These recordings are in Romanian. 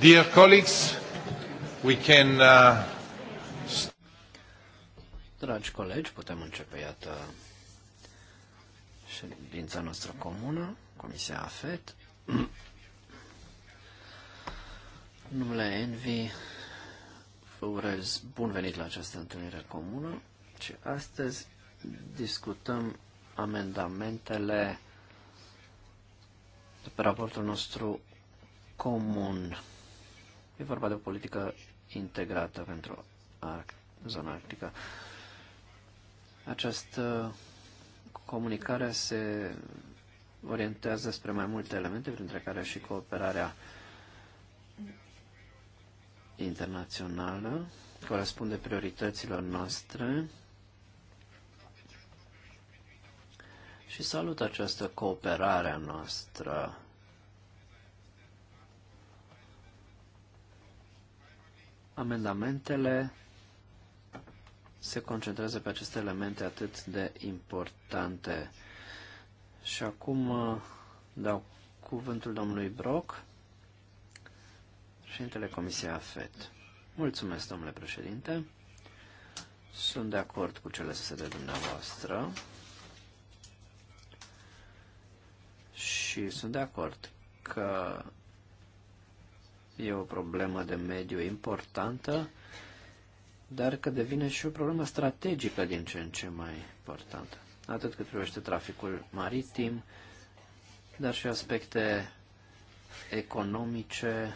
Dear colleagues, we can uh... Dragi colegi, putem începe, iată, ședința noastră comună, Comisia AFET. Numele Envi, vă urez bun venit la această întâlnire comună și astăzi discutăm amendamentele pe raportul nostru comun. E vorba de o politică integrată pentru Arc, zona arctică. Această comunicare se orientează spre mai multe elemente, printre care și cooperarea internațională, corespunde priorităților noastre și salut această cooperare a noastră. Amendamentele se concentrează pe aceste elemente atât de importante. Și acum uh, dau cuvântul domnului Brock, președintele Comisiei AFET. Mulțumesc, domnule președinte. Sunt de acord cu cele spuse de dumneavoastră. Și sunt de acord că e o problemă de mediu importantă, dar că devine și o problemă strategică din ce în ce mai importantă. Atât cât privește traficul maritim, dar și aspecte economice,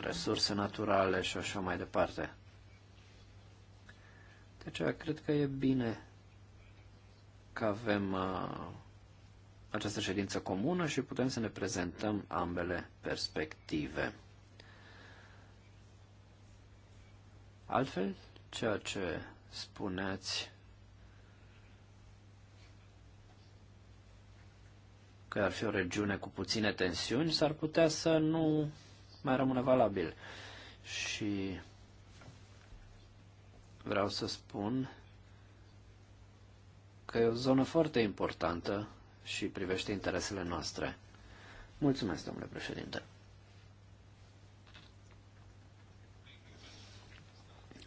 resurse naturale și așa mai departe. Deci, cred că e bine că avem uh, această ședință comună și putem să ne prezentăm ambele perspective. Altfel, ceea ce spuneați că ar fi o regiune cu puține tensiuni, s-ar putea să nu mai rămână valabil. Și vreau să spun că e o zonă foarte importantă și privește interesele noastre. Mulțumesc, domnule președinte.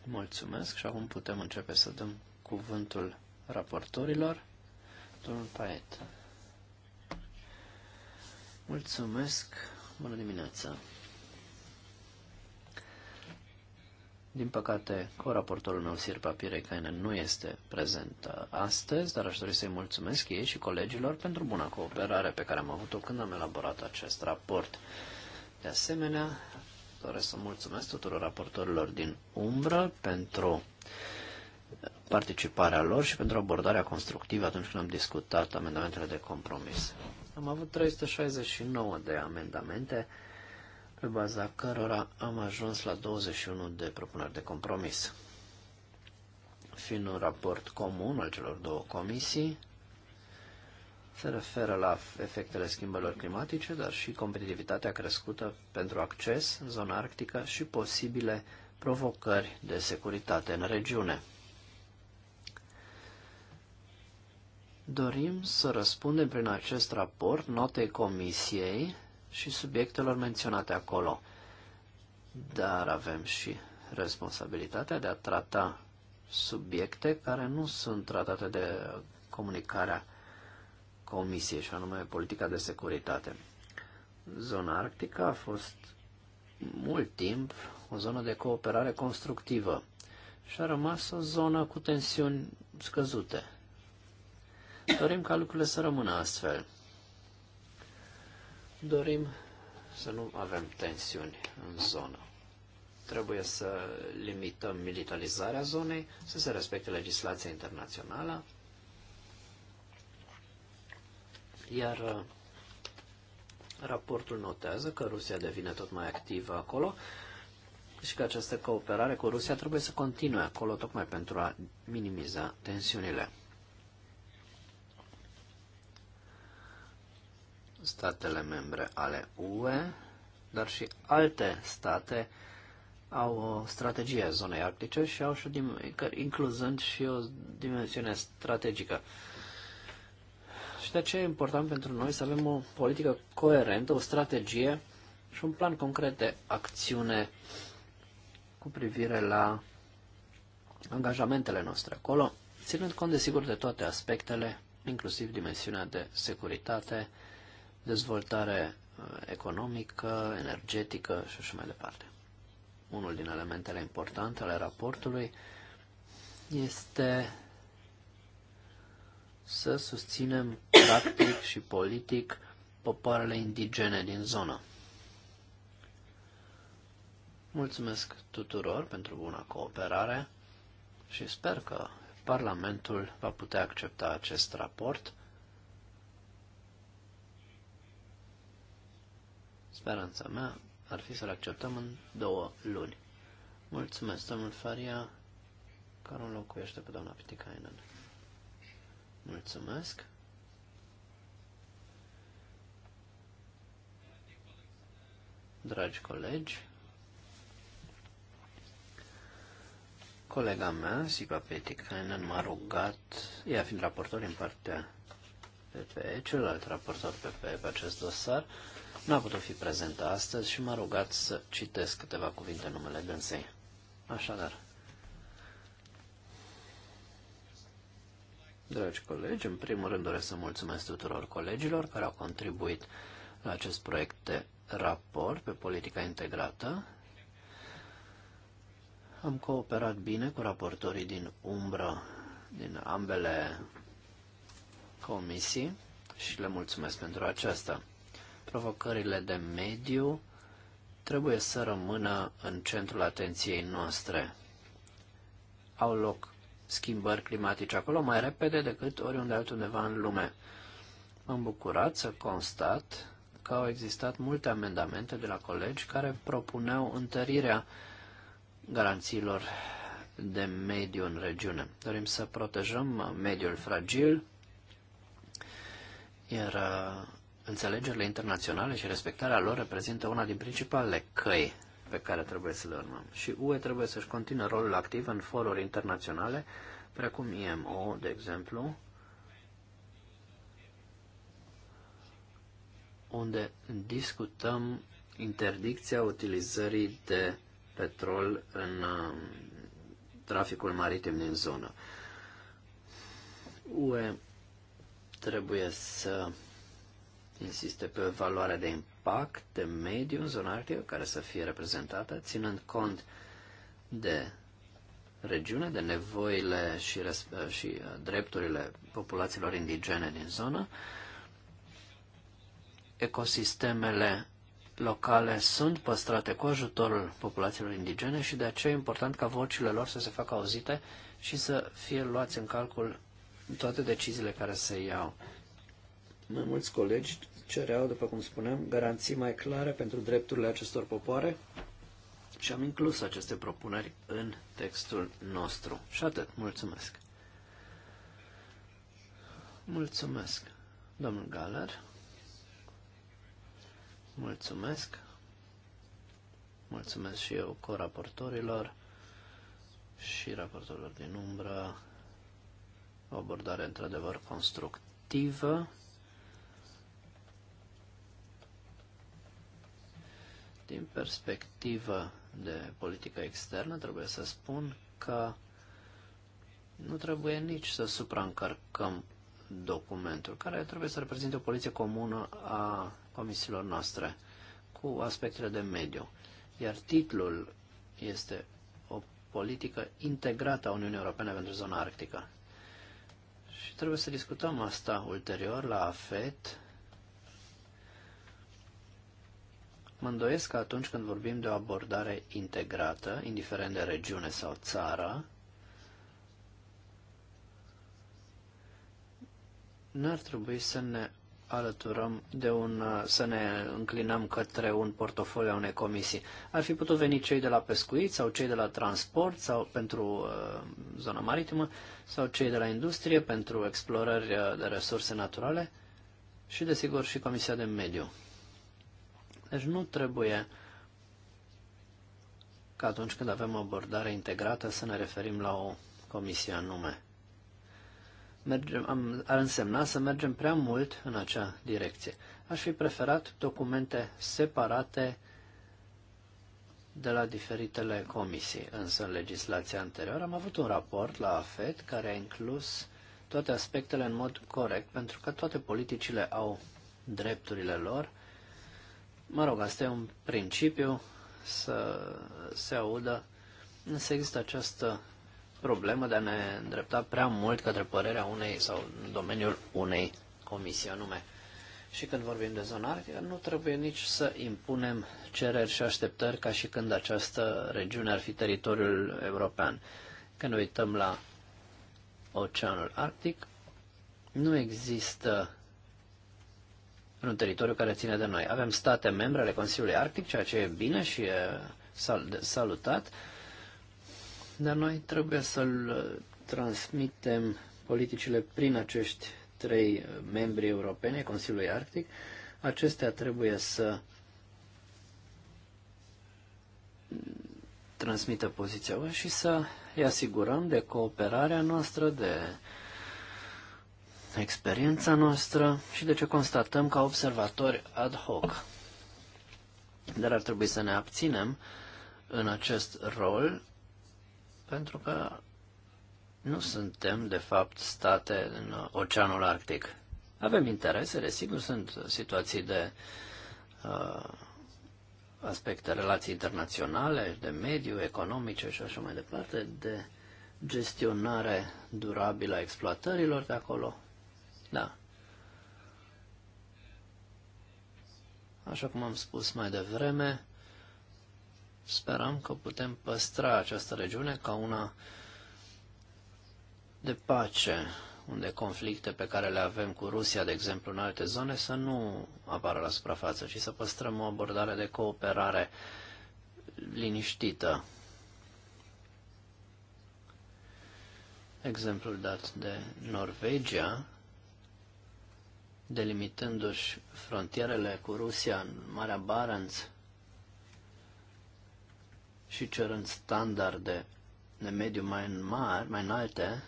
Mulțumesc și acum putem începe să dăm cuvântul raportorilor. Domnul Paet. Mulțumesc. Bună dimineața. Din păcate, coraportorul meu, Papire Pirecainen, nu este prezent uh, astăzi, dar aș dori să-i mulțumesc ei și colegilor pentru buna cooperare pe care am avut-o când am elaborat acest raport. De asemenea, doresc să mulțumesc tuturor raportorilor din umbră pentru participarea lor și pentru abordarea constructivă atunci când am discutat amendamentele de compromis. Am avut 369 de amendamente pe baza cărora am ajuns la 21 de propuneri de compromis. Fiind un raport comun al celor două comisii, se referă la efectele schimbărilor climatice, dar și competitivitatea crescută pentru acces în zona arctică și posibile provocări de securitate în regiune. Dorim să răspundem prin acest raport notei Comisiei și subiectelor menționate acolo. Dar avem și responsabilitatea de a trata subiecte care nu sunt tratate de comunicarea Comisiei, și anume politica de securitate. Zona arctică a fost mult timp o zonă de cooperare constructivă și a rămas o zonă cu tensiuni scăzute. Dorim ca lucrurile să rămână astfel. Dorim să nu avem tensiuni în zonă. Trebuie să limităm militarizarea zonei, să se respecte legislația internațională, iar uh, raportul notează că Rusia devine tot mai activă acolo și că această cooperare cu Rusia trebuie să continue acolo tocmai pentru a minimiza tensiunile. statele membre ale UE, dar și alte state au o strategie a zonei arctice și au și o incluzând și o dimensiune strategică. Și de aceea e important pentru noi să avem o politică coerentă, o strategie și un plan concret de acțiune cu privire la angajamentele noastre acolo, ținând cont, desigur, de toate aspectele, inclusiv dimensiunea de securitate, dezvoltare uh, economică, energetică și așa mai departe. Unul din elementele importante ale raportului este să susținem practic și politic popoarele indigene din zonă. Mulțumesc tuturor pentru buna cooperare și sper că Parlamentul va putea accepta acest raport Speranța mea ar fi să-l acceptăm în două luni. Mulțumesc, domnul Faria, care locuiește pe doamna Pitikainen. Mulțumesc. Dragi colegi, colega mea, Sipa Petikainen, m-a rugat, ea fiind raportor în partea PPE, celălalt raportor PPE pe acest dosar, nu a putut fi prezentă astăzi și m-a rugat să citesc câteva cuvinte în numele dânsei. Așadar, dragi colegi, în primul rând doresc să mulțumesc tuturor colegilor care au contribuit la acest proiect de raport pe politica integrată. Am cooperat bine cu raportorii din umbră din ambele comisii și le mulțumesc pentru aceasta provocările de mediu trebuie să rămână în centrul atenției noastre. Au loc schimbări climatice acolo mai repede decât oriunde altundeva în lume. M-am bucurat să constat că au existat multe amendamente de la colegi care propuneau întărirea garanțiilor de mediu în regiune. Dorim să protejăm mediul fragil, iar Înțelegerile internaționale și respectarea lor reprezintă una din principalele căi pe care trebuie să le urmăm. Și UE trebuie să-și continue rolul activ în foruri internaționale, precum IMO, de exemplu, unde discutăm interdicția utilizării de petrol în um, traficul maritim din zonă. UE trebuie să insiste pe valoarea de impact de mediu în zona arctică care să fie reprezentată, ținând cont de regiune, de nevoile și, și uh, drepturile populațiilor indigene din zonă. Ecosistemele locale sunt păstrate cu ajutorul populațiilor indigene și de aceea e important ca vocile lor să se facă auzite și să fie luați în calcul toate deciziile care se iau. Mai mulți colegi cereau, după cum spuneam, garanții mai clare pentru drepturile acestor popoare și am inclus aceste propuneri în textul nostru. Și atât. Mulțumesc. Mulțumesc, domnul Galer. Mulțumesc. Mulțumesc și eu coraportorilor și raportorilor din umbră. O abordare într-adevăr constructivă. Din perspectivă de politică externă, trebuie să spun că nu trebuie nici să supraîncărcăm documentul, care trebuie să reprezinte o poziție comună a comisiilor noastre cu aspectele de mediu. Iar titlul este o politică integrată a Uniunii Europene pentru zona arctică. Și trebuie să discutăm asta ulterior la AFET Mă îndoiesc că atunci când vorbim de o abordare integrată, indiferent de regiune sau țară, n-ar trebui să ne alăturăm de un, să ne înclinăm către un portofoliu a unei comisii. Ar fi putut veni cei de la pescuit sau cei de la transport sau pentru uh, zona maritimă sau cei de la industrie pentru explorări uh, de resurse naturale și desigur și Comisia de Mediu. Deci nu trebuie că atunci când avem abordare integrată să ne referim la o comisie anume. Mergem, am, ar însemna să mergem prea mult în acea direcție. Aș fi preferat documente separate de la diferitele comisii, însă în legislația anterioară am avut un raport la AFET care a inclus toate aspectele în mod corect, pentru că toate politicile au drepturile lor Mă rog, asta e un principiu să se audă, însă există această problemă de a ne îndrepta prea mult către părerea unei sau în domeniul unei comisii anume. Și când vorbim de zona arctică, nu trebuie nici să impunem cereri și așteptări ca și când această regiune ar fi teritoriul european. Când uităm la Oceanul Arctic, nu există în un teritoriu care ține de noi. Avem state membre ale Consiliului Arctic, ceea ce e bine și e salutat, dar noi trebuie să-l uh, transmitem politicile prin acești trei uh, membri europene Consiliului Arctic. Acestea trebuie să mm, transmită poziția și să îi asigurăm de cooperarea noastră, de experiența noastră și de ce constatăm ca observatori ad hoc. Dar ar trebui să ne abținem în acest rol pentru că nu suntem, de fapt, state în Oceanul Arctic. Avem interese, desigur, sunt situații de uh, aspecte relații internaționale, de mediu, economice și așa mai departe, de gestionare durabilă a exploatărilor de acolo. Da. Așa cum am spus mai devreme, sperăm că putem păstra această regiune ca una de pace, unde conflicte pe care le avem cu Rusia, de exemplu, în alte zone, să nu apară la suprafață, ci să păstrăm o abordare de cooperare liniștită. Exemplul dat de Norvegia delimitându-și frontierele cu Rusia în Marea Barents și cerând standarde de mediu mai, mari, mai înalte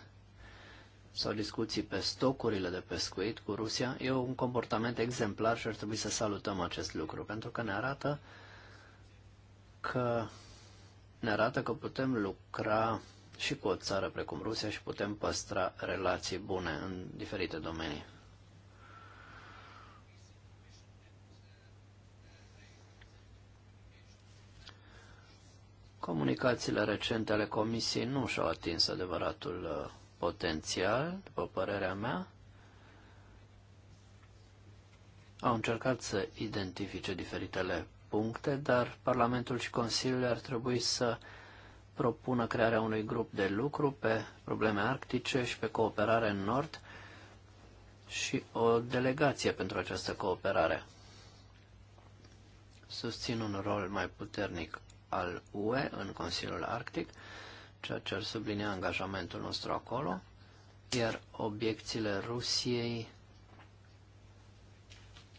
sau discuții pe stocurile de pescuit cu Rusia, e un comportament exemplar și ar trebui să salutăm acest lucru, pentru că ne arată că ne arată că putem lucra și cu o țară precum Rusia și putem păstra relații bune în diferite domenii. Comunicațiile recente ale Comisiei nu și-au atins adevăratul uh, potențial, după părerea mea. Au încercat să identifice diferitele puncte, dar Parlamentul și Consiliul ar trebui să propună crearea unui grup de lucru pe probleme arctice și pe cooperare în Nord și o delegație pentru această cooperare. Susțin un rol mai puternic al UE în Consiliul Arctic, ceea ce ar sublinea angajamentul nostru acolo, iar obiecțiile Rusiei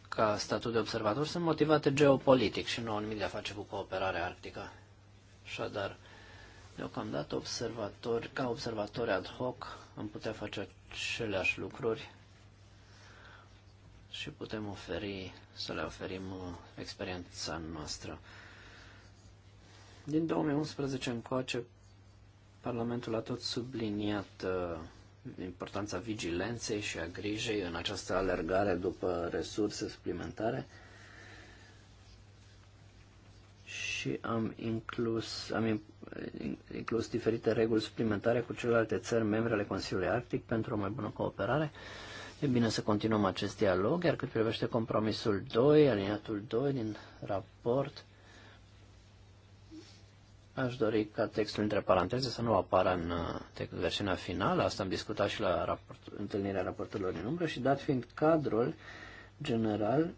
ca statut de observator sunt motivate geopolitic și nu au nimic de a face cu cooperarea arctică. Așadar, deocamdată observatori, ca observatori ad hoc am putea face aceleași lucruri și putem oferi, să le oferim uh, experiența noastră. Din 2011 încoace, Parlamentul a tot subliniat uh, importanța vigilenței și a grijei în această alergare după resurse suplimentare și am inclus, am inclus diferite reguli suplimentare cu celelalte țări membre ale Consiliului Arctic pentru o mai bună cooperare. E bine să continuăm acest dialog, iar cât privește compromisul 2, aliniatul 2 din raport, Aș dori ca textul între paranteze să nu apară în uh, versiunea finală, asta am discutat și la raport, întâlnirea raportelor din umbră și dat fiind cadrul general,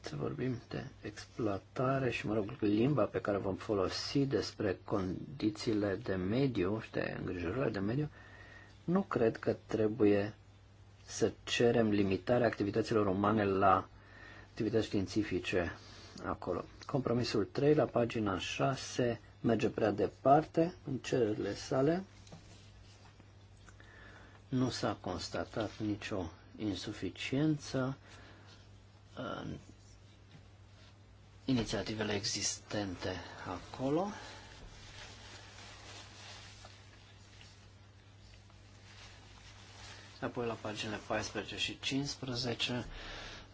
să vorbim de exploatare și, mă rog, limba pe care vom folosi despre condițiile de mediu și de îngrijorări de mediu, nu cred că trebuie să cerem limitarea activităților umane la activități științifice acolo. Compromisul 3 la pagina 6 merge prea departe în cererile sale. Nu s-a constatat nicio insuficiență în inițiativele existente acolo. Apoi la paginile 14 și 15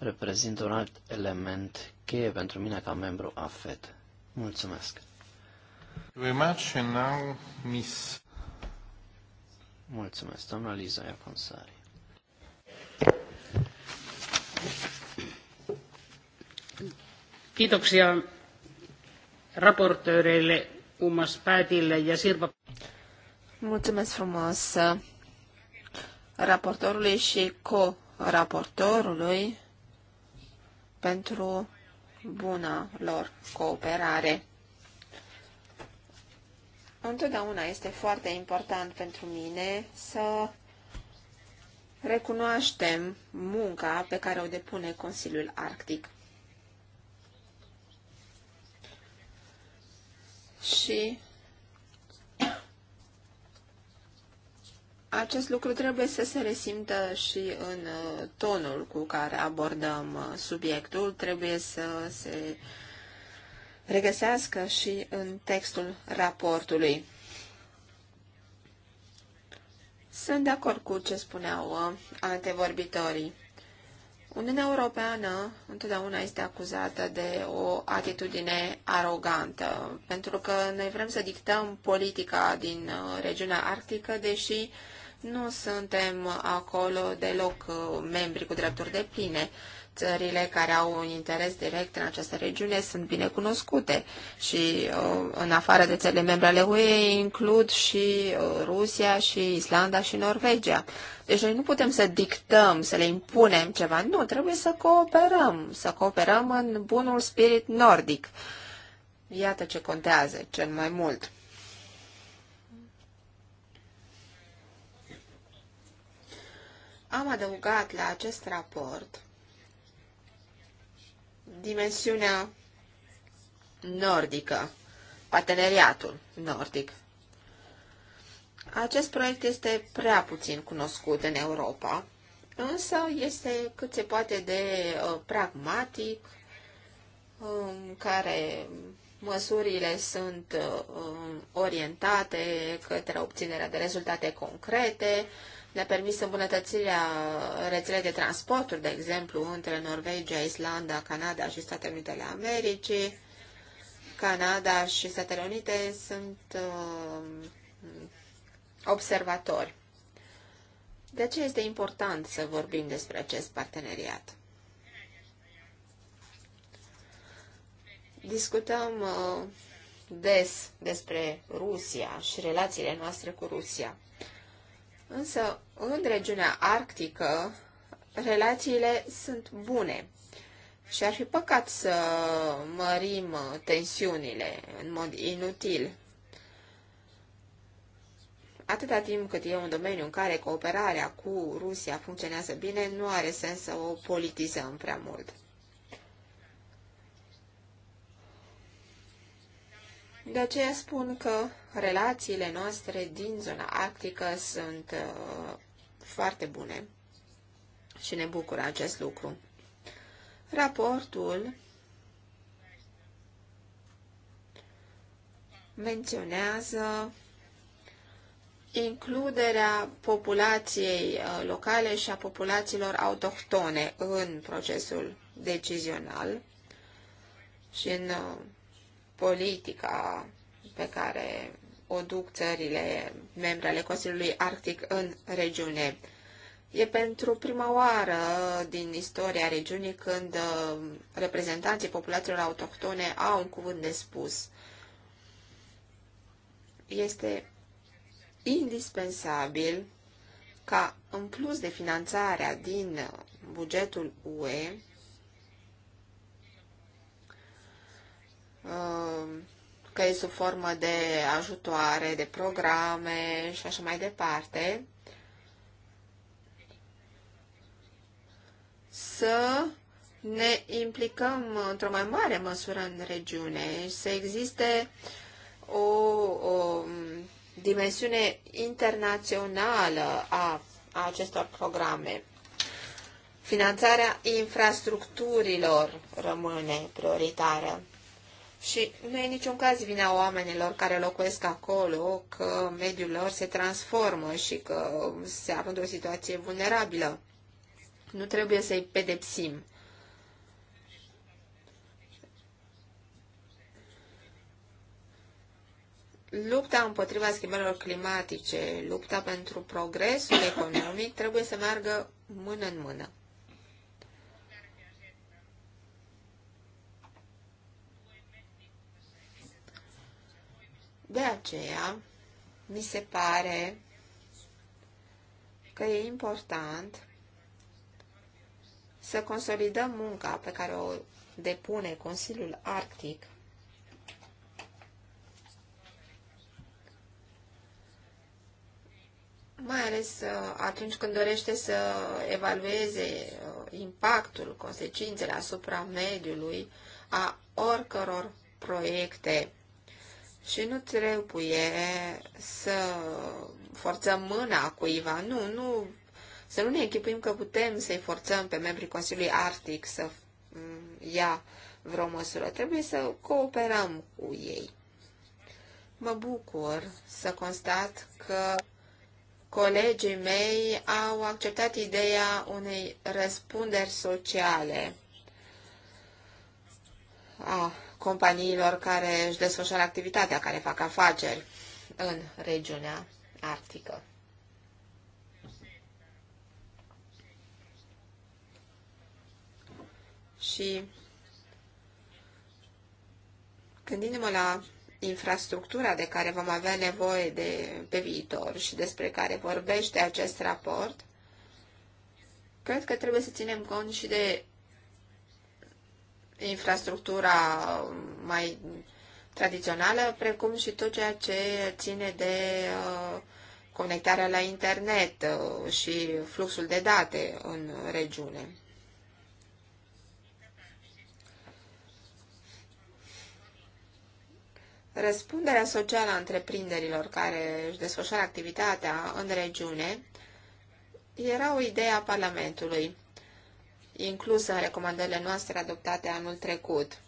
reprezintă un alt element cheie pentru mine ca membru FED. Mulțumesc! Mulțumesc, doamna Liza Iaconsari. Kiitoksia raportööreille Umas Päätille ja Sirpa. Mulțumesc frumos raportorului și co-raportorului pentru bună lor cooperare. Întotdeauna este foarte important pentru mine să recunoaștem munca pe care o depune Consiliul Arctic. Și Acest lucru trebuie să se resimtă și în uh, tonul cu care abordăm uh, subiectul, trebuie să se regăsească și în textul raportului. Sunt de acord cu ce spuneau uh, antevorbitorii. Uniunea Europeană întotdeauna este acuzată de o atitudine arogantă, pentru că noi vrem să dictăm politica din regiunea arctică, deși uh, nu suntem acolo deloc uh, membri cu drepturi de pline. Țările care au un interes direct în această regiune sunt bine cunoscute și uh, în afară de țările membre ale UE includ și uh, Rusia și Islanda și Norvegia. Deci noi nu putem să dictăm, să le impunem ceva. Nu, trebuie să cooperăm, să cooperăm în bunul spirit nordic. Iată ce contează cel mai mult. am adăugat la acest raport dimensiunea nordică, parteneriatul nordic. Acest proiect este prea puțin cunoscut în Europa, însă este cât se poate de uh, pragmatic, în um, care măsurile sunt uh, um, orientate către obținerea de rezultate concrete, le a permis îmbunătățirea rețelei de transporturi, de exemplu, între Norvegia, Islanda, Canada și Statele Unite ale Americii. Canada și Statele Unite sunt uh, observatori. De ce este important să vorbim despre acest parteneriat? Discutăm uh, des despre Rusia și relațiile noastre cu Rusia. Însă, în regiunea arctică, relațiile sunt bune și ar fi păcat să mărim tensiunile în mod inutil. Atâta timp cât e un domeniu în care cooperarea cu Rusia funcționează bine, nu are sens să o politizăm prea mult. De aceea spun că relațiile noastre din zona arctică sunt uh, foarte bune și ne bucură acest lucru. Raportul menționează includerea populației uh, locale și a populațiilor autohtone în procesul decizional și în uh, politica pe care o duc țările membre ale Consiliului Arctic în regiune. E pentru prima oară din istoria regiunii când uh, reprezentanții populațiilor autohtone au un cuvânt de spus. Este indispensabil ca, în plus de finanțarea din bugetul UE, Um, că e sub formă de ajutoare, de programe și așa mai departe, să ne implicăm într-o mai mare măsură în regiune, să existe o, o dimensiune internațională a, a acestor programe. Finanțarea infrastructurilor rămâne prioritară. Și nu e niciun caz vina oamenilor care locuiesc acolo că mediul lor se transformă și că se află într-o situație vulnerabilă. Nu trebuie să-i pedepsim. Lupta împotriva schimbărilor climatice, lupta pentru progresul economic trebuie să meargă mână în mână. De aceea, mi se pare că e important să consolidăm munca pe care o depune Consiliul Arctic mai ales uh, atunci când dorește să evalueze uh, impactul, consecințele asupra mediului a oricăror proiecte și nu trebuie să forțăm mâna cuiva. Nu, nu, să nu ne echipuim că putem să-i forțăm pe membrii Consiliului Arctic să mm, ia vreo măsură. Trebuie să cooperăm cu ei. Mă bucur să constat că colegii mei au acceptat ideea unei răspunderi sociale Ah companiilor care își desfășoară activitatea, care fac afaceri în regiunea arctică. Și gândindu-mă la infrastructura de care vom avea nevoie de, pe viitor și despre care vorbește acest raport, cred că trebuie să ținem cont și de infrastructura mai tradițională, precum și tot ceea ce ține de uh, conectarea la internet uh, și fluxul de date în regiune. Răspunderea socială a întreprinderilor care își desfășoară activitatea în regiune era o idee a Parlamentului inclusă în recomandările noastre adoptate anul trecut.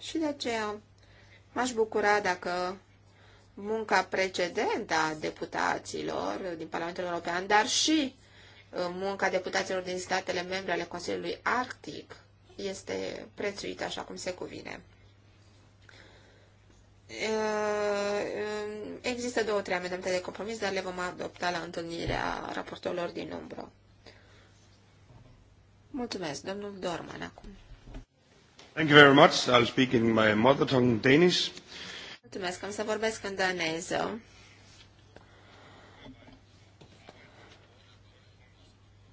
Și de aceea m-aș bucura dacă munca precedentă a deputaților din Parlamentul European, dar și uh, munca deputaților din statele membre ale Consiliului Arctic este prețuită așa cum se cuvine. Uh, um, există două, trei amendamente de compromis, dar le vom adopta la întâlnirea raportorilor din umbră. Mulțumesc, domnul Dorman, acum. Thank you very much. I'll speak in my mother tongue, Danish. Mulțumesc, am să vorbesc în daneză.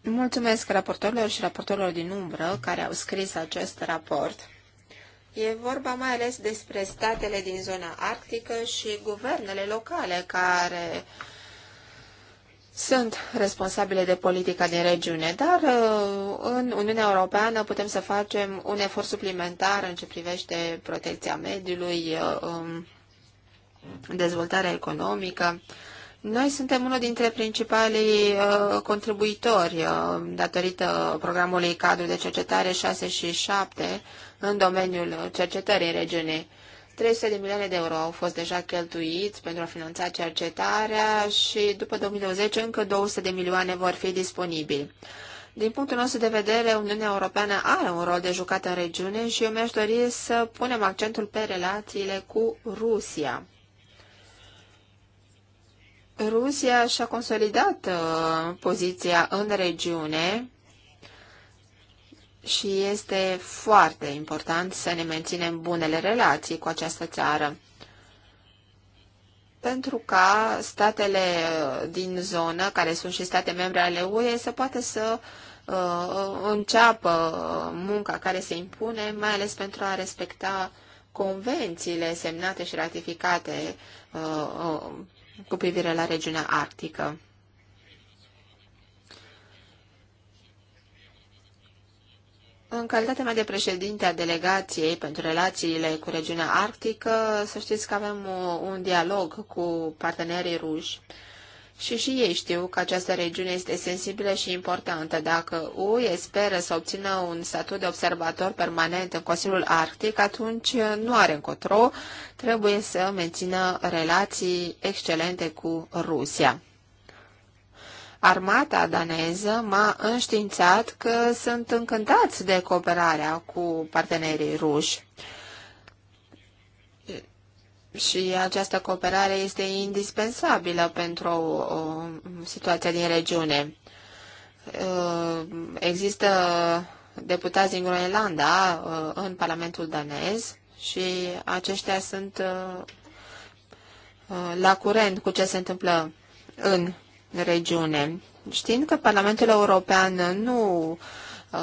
Mulțumesc raportorilor și raportorilor din umbră care au scris acest raport. E vorba mai ales despre statele din zona arctică și guvernele locale care uh, sunt responsabile de politica din regiune, dar uh, în Uniunea Europeană putem să facem un efort suplimentar în ce privește protecția mediului, uh, um, dezvoltarea economică. Noi suntem unul dintre principalii uh, contribuitori datorită programului cadru de cercetare 6 și 7 în domeniul cercetării regiunii. 300 de milioane de euro au fost deja cheltuiți pentru a finanța cercetarea și după 2020 încă 200 de milioane vor fi disponibili. Din punctul nostru de vedere, Uniunea Europeană are un rol de jucat în regiune și eu mi-aș dori să punem accentul pe relațiile cu Rusia. Rusia și-a consolidat uh, poziția în regiune și este foarte important să ne menținem bunele relații cu această țară. Pentru ca statele din zonă, care sunt și state membre ale UE, să poată să uh, înceapă munca care se impune, mai ales pentru a respecta convențiile semnate și ratificate uh, uh, cu privire la regiunea arctică. În calitatea mea de președinte a delegației pentru relațiile cu regiunea arctică, să știți că avem uh, un dialog cu partenerii ruși și și ei știu că această regiune este sensibilă și importantă. Dacă UE speră să obțină un statut de observator permanent în Consiliul Arctic, atunci uh, nu are încotro, trebuie să mențină relații excelente cu Rusia. Armata daneză m-a înștiințat că sunt încântați de cooperarea cu partenerii ruși. Și această cooperare este indispensabilă pentru o, uh, o, situația din regiune. Uh, există deputați din Groenlanda uh, în Parlamentul danez și aceștia sunt la curent cu ce se întâmplă în regiune. Știind că Parlamentul European nu uh,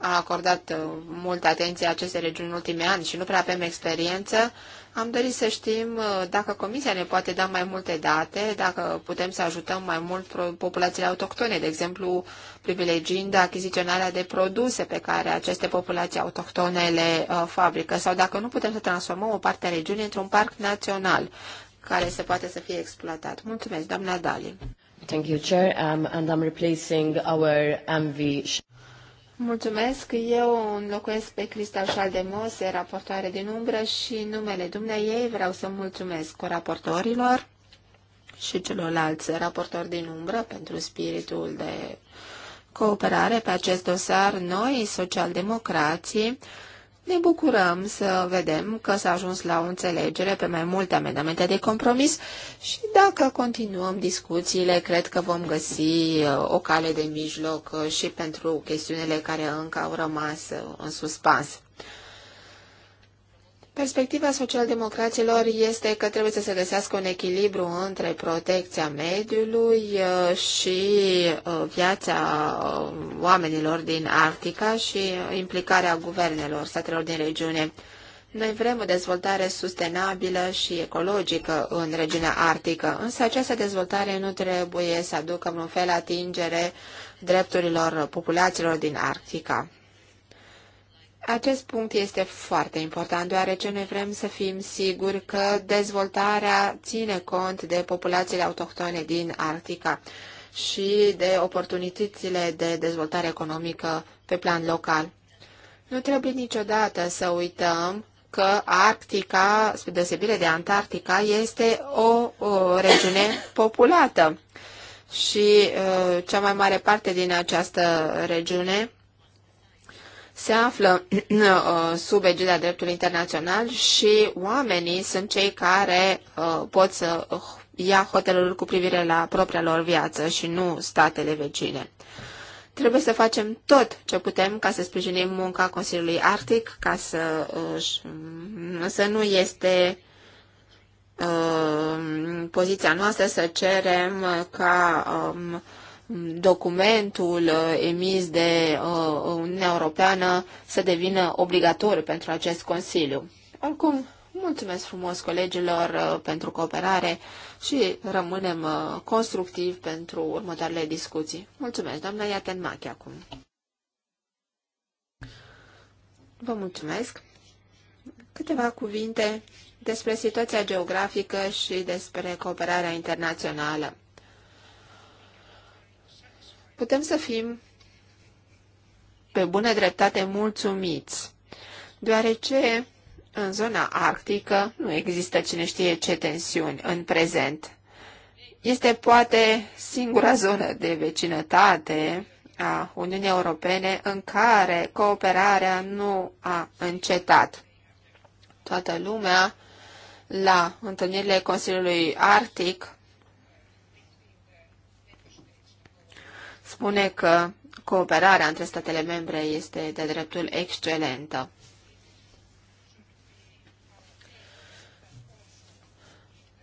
a acordat uh, multă atenție acestei regiuni în ultimii ani și nu prea avem experiență, am dorit să știm uh, dacă Comisia ne poate da mai multe date, dacă putem să ajutăm mai mult populațiile autohtone, de exemplu, privilegiind achiziționarea de produse pe care aceste populații autohtone le fabrică, sau dacă nu putem să transformăm o parte a regiunii într-un parc național, care se poate să fie exploatat. Mulțumesc, doamna Dali. Thank you, Chair, um, and I'm replacing our MV. Mulțumesc, eu înlocuiesc pe Cristal Șaldemose, raportoare din umbră și numele dumneiei vreau să mulțumesc cu raportorilor și celorlalți raportori din umbră pentru spiritul de cooperare pe acest dosar. Noi, socialdemocrații, ne bucurăm să vedem că s-a ajuns la o înțelegere pe mai multe amendamente de compromis și dacă continuăm discuțiile, cred că vom găsi uh, o cale de mijloc uh, și pentru chestiunile care încă au rămas uh, în suspans. Perspectiva socialdemocraților este că trebuie să se găsească un echilibru între protecția mediului uh, și uh, viața uh, oamenilor din Arctica și implicarea guvernelor statelor din regiune. Noi vrem o dezvoltare sustenabilă și ecologică în regiunea arctică, însă această dezvoltare nu trebuie să aducă în un fel atingere drepturilor populațiilor din Arctica. Acest punct este foarte important, deoarece noi vrem să fim siguri că dezvoltarea ține cont de populațiile autohtone din Arctica și de oportunitățile de dezvoltare economică pe plan local. Nu trebuie niciodată să uităm că Arctica, spre deosebire de Antarctica, este o, o regiune populată și uh, cea mai mare parte din această regiune se află uh, sub egida dreptului internațional și oamenii sunt cei care uh, pot să ia hotelul cu privire la propria lor viață și nu statele vecine. Trebuie să facem tot ce putem ca să sprijinim munca Consiliului Arctic, ca să, uh, să nu este poziția noastră să cerem ca um, documentul uh, emis de uh, Uniunea Europeană să devină obligatoriu pentru acest Consiliu. Oricum, mulțumesc frumos colegilor uh, pentru cooperare și rămânem constructivi pentru următoarele discuții. Mulțumesc, doamna Iatenmache, acum. Vă mulțumesc. Câteva cuvinte despre situația geografică și despre cooperarea internațională putem să fim pe bună dreptate mulțumiți, deoarece în zona arctică nu există cine știe ce tensiuni în prezent. Este poate singura zonă de vecinătate a Uniunii Europene în care cooperarea nu a încetat. Toată lumea la întâlnirile Consiliului Arctic spune că cooperarea între statele membre este de dreptul excelentă.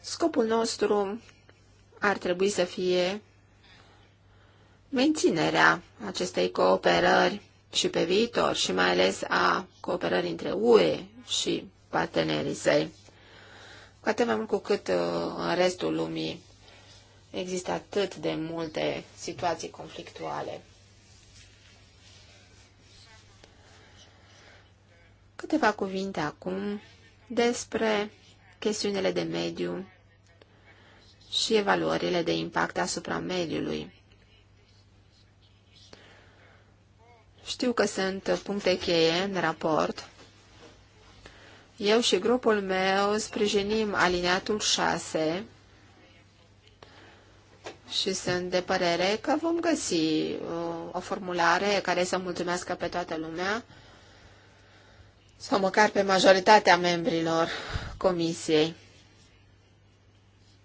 Scopul nostru ar trebui să fie menținerea acestei cooperări și pe viitor și mai ales a cooperării între UE și partenerii săi. Cu atât mai mult cu cât uh, în restul lumii există atât de multe situații conflictuale. Câteva cuvinte acum despre chestiunile de mediu și evaluările de impact asupra mediului. Știu că sunt puncte cheie în raport. Eu și grupul meu sprijinim alineatul 6 și sunt de părere că vom găsi uh, o formulare care să mulțumească pe toată lumea sau măcar pe majoritatea membrilor comisiei.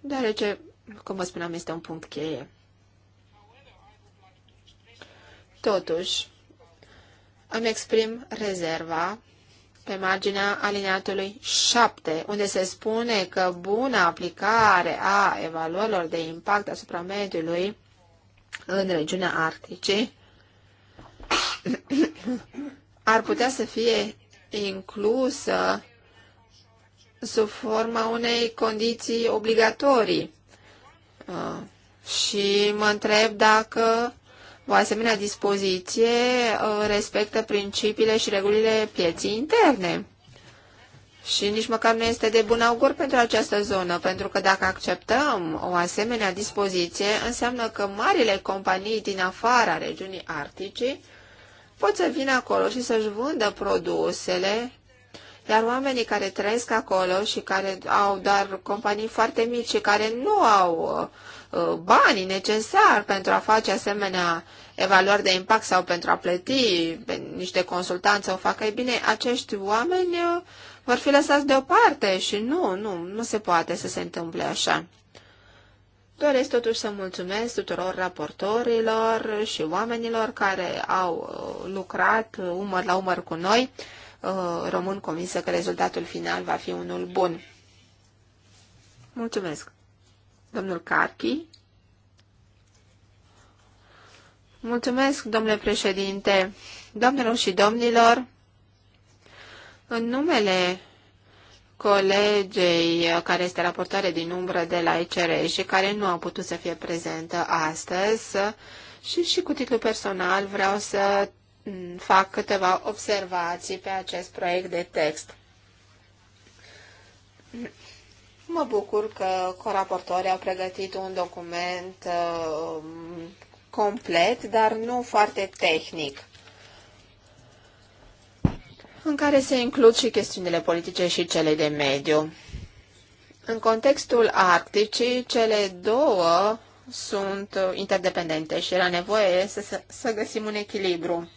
Deoarece, cum vă spuneam, este un punct cheie. Totuși, îmi exprim rezerva pe marginea alineatului 7, unde se spune că buna aplicare a evaluărilor de impact asupra mediului în regiunea Arcticii ar putea să fie inclusă sub forma unei condiții obligatorii. Uh, și mă întreb dacă o asemenea dispoziție uh, respectă principiile și regulile pieții interne. Și nici măcar nu este de bun augur pentru această zonă, pentru că dacă acceptăm o asemenea dispoziție, înseamnă că marile companii din afara regiunii arcticii pot să vină acolo și să-și vândă produsele, iar oamenii care trăiesc acolo și care au doar companii foarte mici și care nu au uh, Uh, banii necesari pentru a face asemenea evaluări de impact sau pentru a plăti pe niște consultanți să o facă, ei bine, acești oameni uh, vor fi lăsați deoparte și nu, nu, nu se poate să se întâmple așa. Doresc totuși să mulțumesc tuturor raportorilor și oamenilor care au uh, lucrat umăr la umăr cu noi. Român convinsă că rezultatul final va fi unul bun. Mulțumesc! Domnul Carchi. Mulțumesc, domnule președinte. Domnilor și domnilor, în numele colegei care este raportoare din umbră de la ICR și care nu a putut să fie prezentă astăzi și, și cu titlu personal vreau să fac câteva observații pe acest proiect de text. Mă bucur că coraportorii au pregătit un document uh, complet, dar nu foarte tehnic, în care se includ și chestiunile politice și cele de mediu. În contextul Arcticii, cele două sunt interdependente și era nevoie să, să, să găsim un echilibru.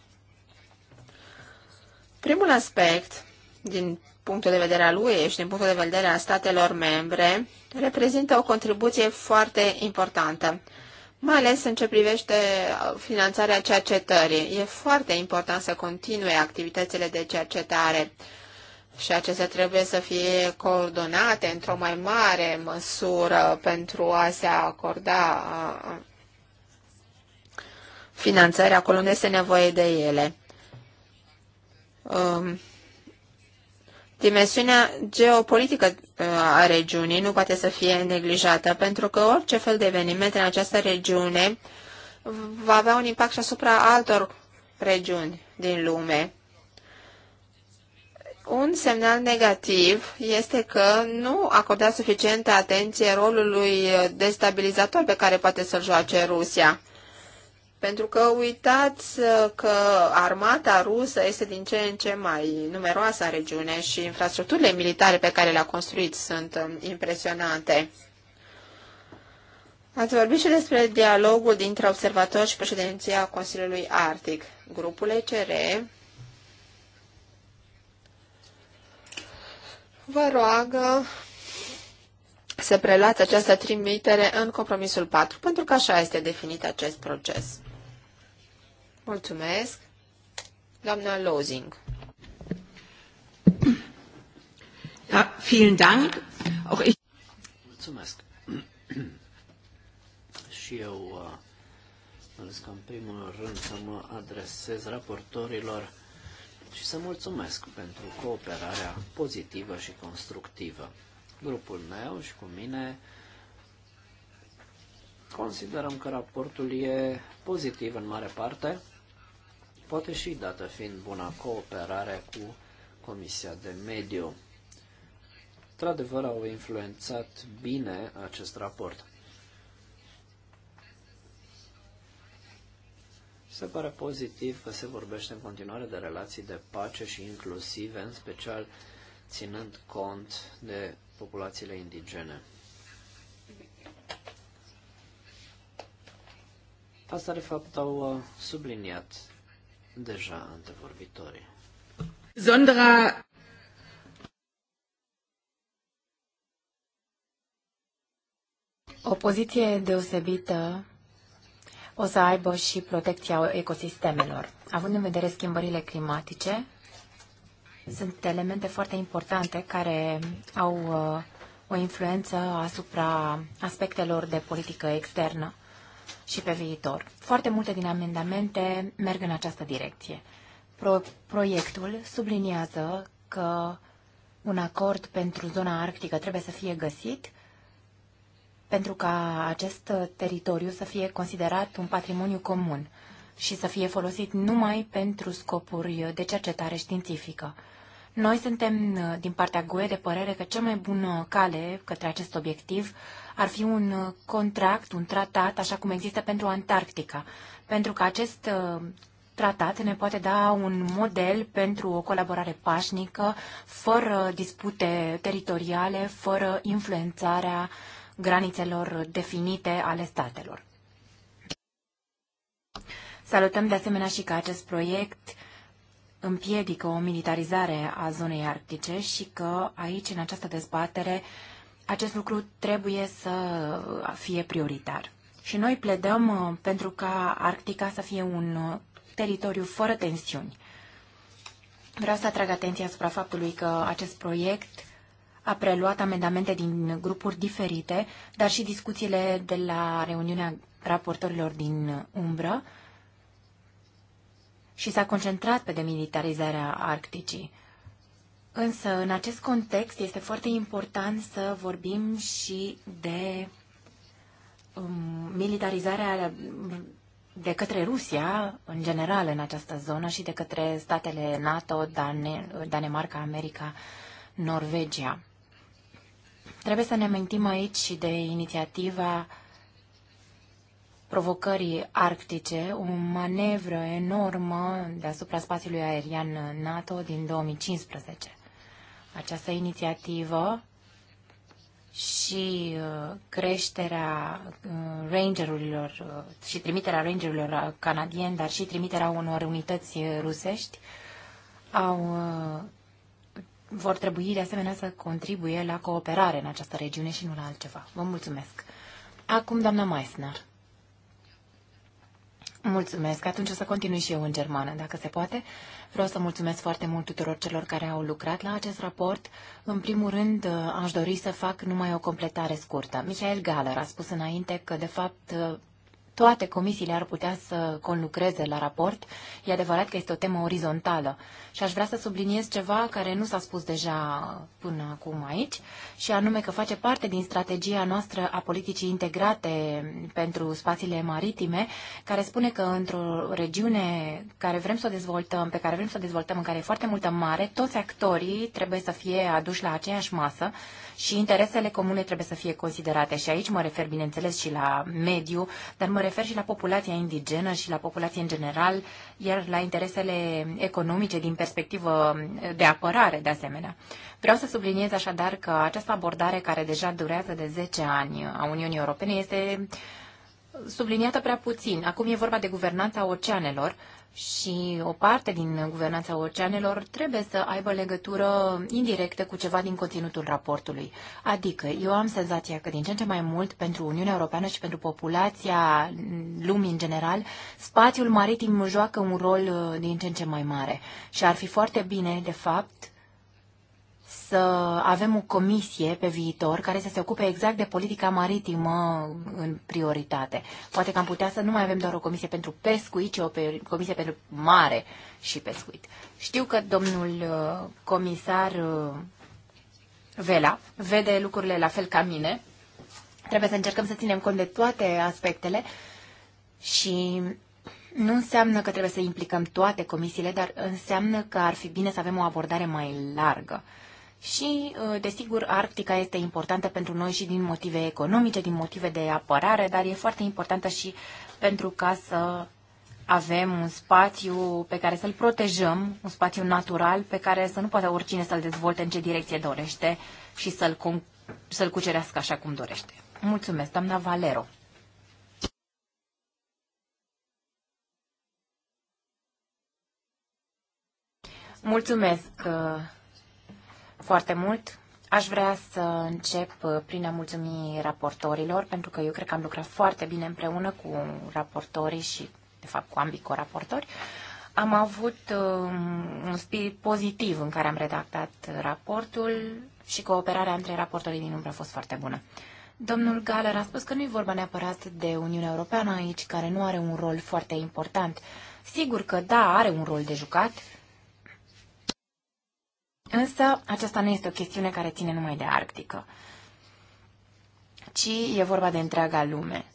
Primul aspect din punctul de vedere al UE și din punctul de vedere al statelor membre, reprezintă o contribuție foarte importantă, mai ales în ce privește uh, finanțarea cercetării. E foarte important să continue activitățile de cercetare și acestea trebuie să fie coordonate într-o mai mare măsură pentru a se acorda uh, finanțări acolo unde este nevoie de ele. Um, Dimensiunea geopolitică uh, a regiunii nu poate să fie neglijată, pentru că orice fel de eveniment în această regiune va avea un impact și asupra altor regiuni din lume. Un semnal negativ este că nu acordează suficientă atenție rolului destabilizator pe care poate să-l joace Rusia. Pentru că uitați uh, că armata rusă este din ce în ce mai numeroasă în regiune și infrastructurile militare pe care le-a construit sunt um, impresionante. Ați vorbit și despre dialogul dintre observatori și președinția Consiliului Arctic. Grupul ECR vă roagă să preluați această trimitere în compromisul 4, pentru că așa este definit acest proces. Mulțumesc. Doamna Lozing. Da, vielen Dank. Auch ich... Mulțumesc. Și eu uh, ales că în primul rând să mă adresez raportorilor și să mulțumesc pentru cooperarea pozitivă și constructivă. Grupul meu și cu mine considerăm că raportul e pozitiv în mare parte poate și dată fiind buna cooperare cu Comisia de Mediu. Într-adevăr, au influențat bine acest raport. Se pare pozitiv că se vorbește în continuare de relații de pace și inclusive, în special ținând cont de populațiile indigene. Asta, de fapt, au uh, subliniat deja antevorbitori. Sondra O poziție deosebită o să aibă și protecția ecosistemelor. Având în vedere schimbările climatice, sunt elemente foarte importante care au uh, o influență asupra aspectelor de politică externă și pe viitor. Foarte multe din amendamente merg în această direcție. Pro- proiectul subliniază că un acord pentru zona arctică trebuie să fie găsit pentru ca acest teritoriu să fie considerat un patrimoniu comun și să fie folosit numai pentru scopuri de cercetare științifică. Noi suntem, din partea GUE, de părere că cea mai bună cale către acest obiectiv ar fi un uh, contract, un tratat, așa cum există pentru Antarctica, pentru că acest uh, tratat ne poate da un model pentru o colaborare pașnică, fără dispute teritoriale, fără influențarea granițelor definite ale statelor. Salutăm de asemenea și că acest proiect împiedică o militarizare a zonei arctice și că aici, în această dezbatere, acest lucru trebuie să fie prioritar. Și noi pledăm uh, pentru ca Arctica să fie un uh, teritoriu fără tensiuni. Vreau să atrag atenția asupra faptului că acest proiect a preluat amendamente din grupuri diferite, dar și discuțiile de la reuniunea raportorilor din umbră și s-a concentrat pe demilitarizarea Arcticii. Însă, în acest context, este foarte important să vorbim și de um, militarizarea de către Rusia, în general, în această zonă și de către statele NATO, Dan Danemarca, America, Norvegia. Trebuie să ne amintim aici și de inițiativa provocării arctice, o manevră enormă deasupra spațiului aerian NATO din 2015 această inițiativă și uh, creșterea uh, rangerurilor uh, și trimiterea rangerurilor canadieni, dar și trimiterea unor unități rusești au, vor trebui de asemenea să contribuie la cooperare în această regiune și nu la altceva. Vă mulțumesc. Acum, doamna Meissner. Mulțumesc. Atunci o să continui și eu în germană, dacă se poate. Vreau să mulțumesc foarte mult tuturor celor care au lucrat la acest raport. În primul rând, uh, aș dori să fac numai o completare scurtă. Michael Galler a spus înainte că, de fapt, uh, toate comisiile ar putea să conlucreze la raport. E adevărat că este o temă orizontală și aș vrea să subliniez ceva care nu s-a spus deja până acum aici și anume că face parte din strategia noastră a politicii integrate pentru spațiile maritime care spune că într-o regiune care vrem să o dezvoltăm, pe care vrem să o dezvoltăm, în care e foarte multă mare, toți actorii trebuie să fie aduși la aceeași masă și interesele comune trebuie să fie considerate. Și aici mă refer, bineînțeles, și la mediu, dar mă refer și la populația indigenă și la populație în general, iar la interesele economice din perspectivă de apărare, de asemenea. Vreau să subliniez așadar că această abordare care deja durează de 10 ani a Uniunii Europene este uh, subliniată prea puțin. Acum e vorba de guvernanța oceanelor și o parte din guvernanța oceanelor trebuie să aibă legătură indirectă cu ceva din conținutul raportului. Adică eu am senzația că din ce în ce mai mult pentru Uniunea Europeană și pentru populația lumii în general, spațiul maritim joacă un rol uh, din ce în ce mai mare. Și ar fi foarte bine, de fapt, să avem o comisie pe viitor care să se ocupe exact de politica maritimă în prioritate. Poate că am putea să nu mai avem doar o comisie pentru pescuit, ci o comisie pentru mare și pescuit. Știu că domnul uh, comisar uh, Vela vede lucrurile la fel ca mine. Trebuie să încercăm să ținem cont de toate aspectele și nu înseamnă că trebuie să implicăm toate comisiile, dar înseamnă că ar fi bine să avem o abordare mai largă. Și, uh, desigur, Arctica este importantă pentru noi și din motive economice, din motive de apărare, dar e foarte importantă și pentru ca să avem un spațiu pe care să-l protejăm, un spațiu natural pe care să nu poată oricine să-l dezvolte în ce direcție dorește și să-l, con- să-l cucerească așa cum dorește. Mulțumesc, doamna Valero. Mulțumesc. Uh, foarte mult. Aș vrea să încep prin a mulțumi raportorilor, pentru că eu cred că am lucrat foarte bine împreună cu raportorii și, de fapt, cu ambii coraportori. Am avut um, un spirit pozitiv în care am redactat raportul și cooperarea între raportorii din umbră a fost foarte bună. Domnul Galer a spus că nu-i vorba neapărat de Uniunea Europeană aici, care nu are un rol foarte important. Sigur că da, are un rol de jucat Însă, aceasta nu este o chestiune care ține numai de Arctică, ci e vorba de întreaga lume.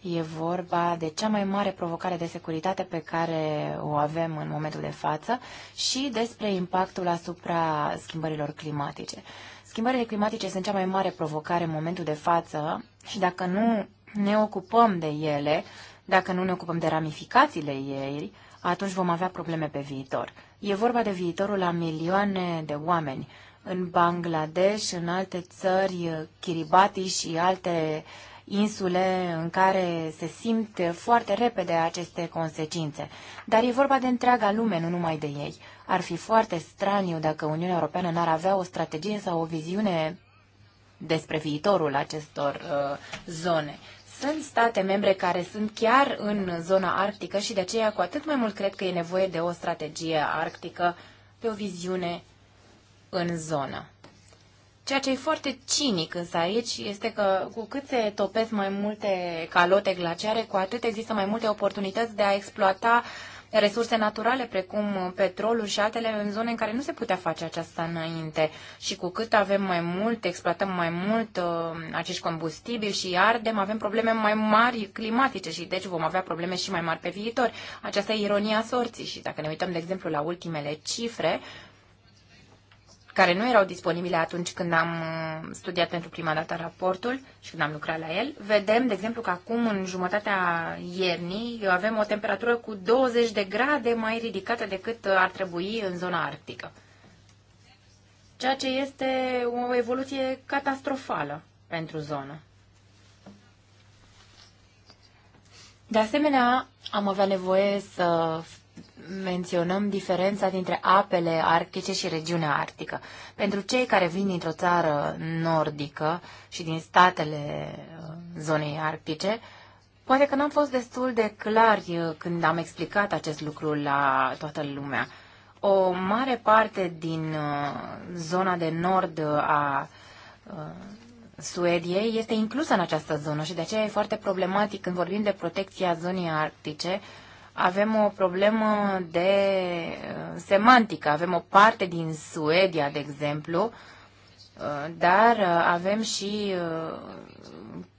E vorba de cea mai mare provocare de securitate pe care o avem în momentul de față și despre impactul asupra schimbărilor climatice. Schimbările climatice sunt cea mai mare provocare în momentul de față și dacă nu ne ocupăm de ele, dacă nu ne ocupăm de ramificațiile ei, atunci vom avea probleme pe viitor. E vorba de viitorul a milioane de oameni în Bangladesh, în alte țări, Kiribati și alte insule în care se simt foarte repede aceste consecințe. Dar e vorba de întreaga lume, nu numai de ei. Ar fi foarte straniu dacă Uniunea Europeană n-ar avea o strategie sau o viziune despre viitorul acestor uh, zone. Sunt state membre care sunt chiar în zona arctică și de aceea cu atât mai mult cred că e nevoie de o strategie arctică pe o viziune în zonă. Ceea ce e foarte cinic însă aici este că cu cât se topesc mai multe calote glaciare, cu atât există mai multe oportunități de a exploata uh, resurse naturale precum petrolul și altele în zone în care nu se putea face aceasta înainte. Și cu cât avem mai mult, exploatăm mai mult uh, acești combustibili și ardem, avem probleme mai mari climatice și deci vom avea probleme și mai mari pe viitor. Aceasta e ironia sorții și dacă ne uităm, de exemplu, la ultimele cifre, care nu erau disponibile atunci când am uh, studiat pentru prima dată raportul și când am lucrat la el, vedem, de exemplu, că acum, în jumătatea iernii, avem o temperatură cu 20 de grade mai ridicată decât uh, ar trebui în zona arctică. Ceea ce este o evoluție catastrofală pentru zonă. De asemenea, am avea nevoie să menționăm diferența dintre apele arctice și regiunea arctică. Pentru cei care vin dintr-o țară nordică și din statele uh, zonei arctice, poate că n-am fost destul de clari uh, când am explicat acest lucru la toată lumea. O mare parte din uh, zona de nord a Suediei este inclusă în această zonă și de aceea e foarte problematic când vorbim de protecția zonei arctice, avem o problemă de uh, semantică. Avem o parte din Suedia, de exemplu, uh, dar uh, avem și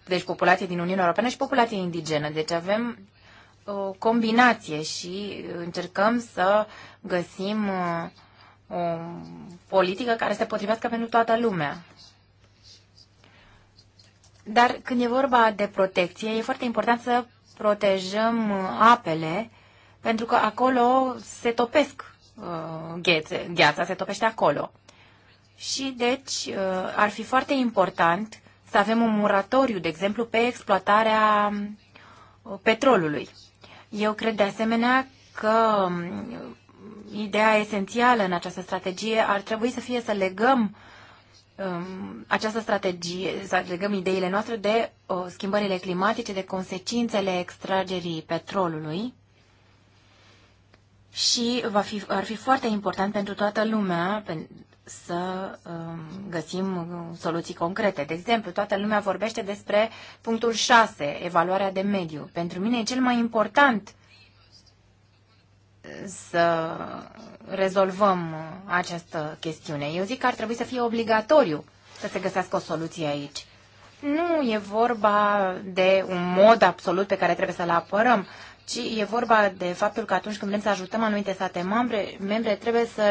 deci populație din Uniunea Europeană și populație indigenă. Deci avem o combinație și încercăm să găsim o politică care se potrivească pentru toată lumea. Dar când e vorba de protecție, e foarte important să protejăm uh, apele, pentru că acolo se topesc uh, ghețe, gheața, se topește acolo. Și deci uh, ar fi foarte important să avem un moratoriu, de exemplu, pe exploatarea petrolului. Eu cred de asemenea că um, ideea esențială în această strategie ar trebui să fie să legăm um, această strategie, să legăm ideile noastre de uh, schimbările climatice, de consecințele extragerii petrolului și va fi, ar fi foarte important pentru toată lumea pe, să um, găsim uh, soluții concrete. De exemplu, toată lumea vorbește despre punctul 6, evaluarea de mediu. Pentru mine e cel mai important uh, să rezolvăm această chestiune. Eu zic că ar trebui să fie obligatoriu să se găsească o soluție aici. Nu e vorba de un mod absolut pe care trebuie să-l apărăm, ci e vorba de faptul că atunci când vrem să ajutăm anumite state membre, membre trebuie să